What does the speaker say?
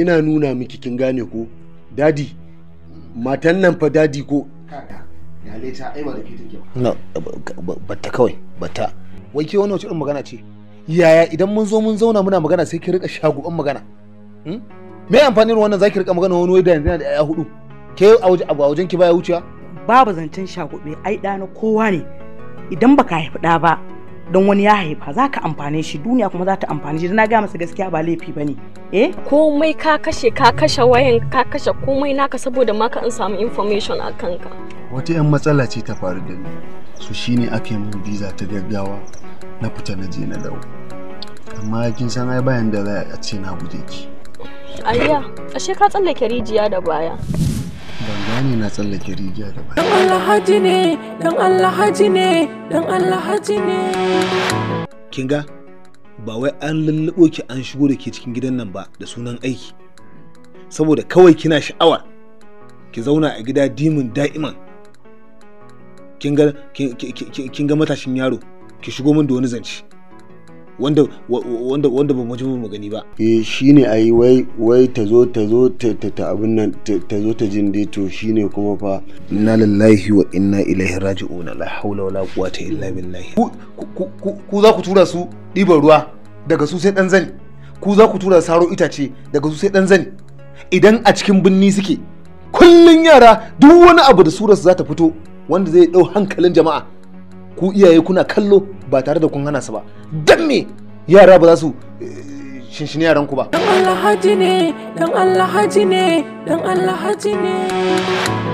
ina nuna miki kin gane ko dadi matan nan fa dadi ko batta kawai batta. wai ke wani wace magana ce yaya idan mun zo mun zauna muna magana sai ki rika shaguban magana hmm? me amfanin wannan zaki rika magana wani wai da yanzu da ya hudu ke a wajen ki baya wuciya babu zancen shagube ai dana kowa ne idan baka haifi da ba don wani ya haifa za ka amfane shi duniya kuma za ta amfane shi na gaya masa gaskiya ba laifi ba ne eh komai ka kashe ka kashe wayan ka kashe komai naka saboda maka in samu information a kanka wata yan matsala ce ta faru da ni su shine ake mun visa ta gaggawa na fita na je na dawo amma kin san ai bayan da za a ce na guje ki ayya ashe ka tsallake rijiya da baya Ban gane na tsallake rijiya da ba. Dan ne, dan ne, dan ne. Kin ba wai an lullubo ki an shigo da ke cikin gidan nan ba da sunan aiki. Saboda kawai kina sha'awa ki zauna a gida dimin da'iman. Kin ga matashin yaro ki shigo min da wani zance. wanda wanda wanda ba mu ji mu gani ba eh shine ai wai wai ta zo ta zo ta ta abin nan ta zo ta jin dai to shine kuma fa inna lillahi wa inna ilaihi raji'un la haula wala quwwata illa billahi ku za ku tura su ɗiban ruwa daga su sai dan zani ku za ku tura saro itace daga su sai dan zani idan a cikin binni suke kullun yara duk wani abu da surarsu za ta fito wanda zai dau hankalin jama'a ku iyaye kuna kallo ba tare da kun hana su ba dan me yara ba za su eh, shinshini yaran ku ba dan Allah haji ne dan Allah haji ne dan Allah haji ne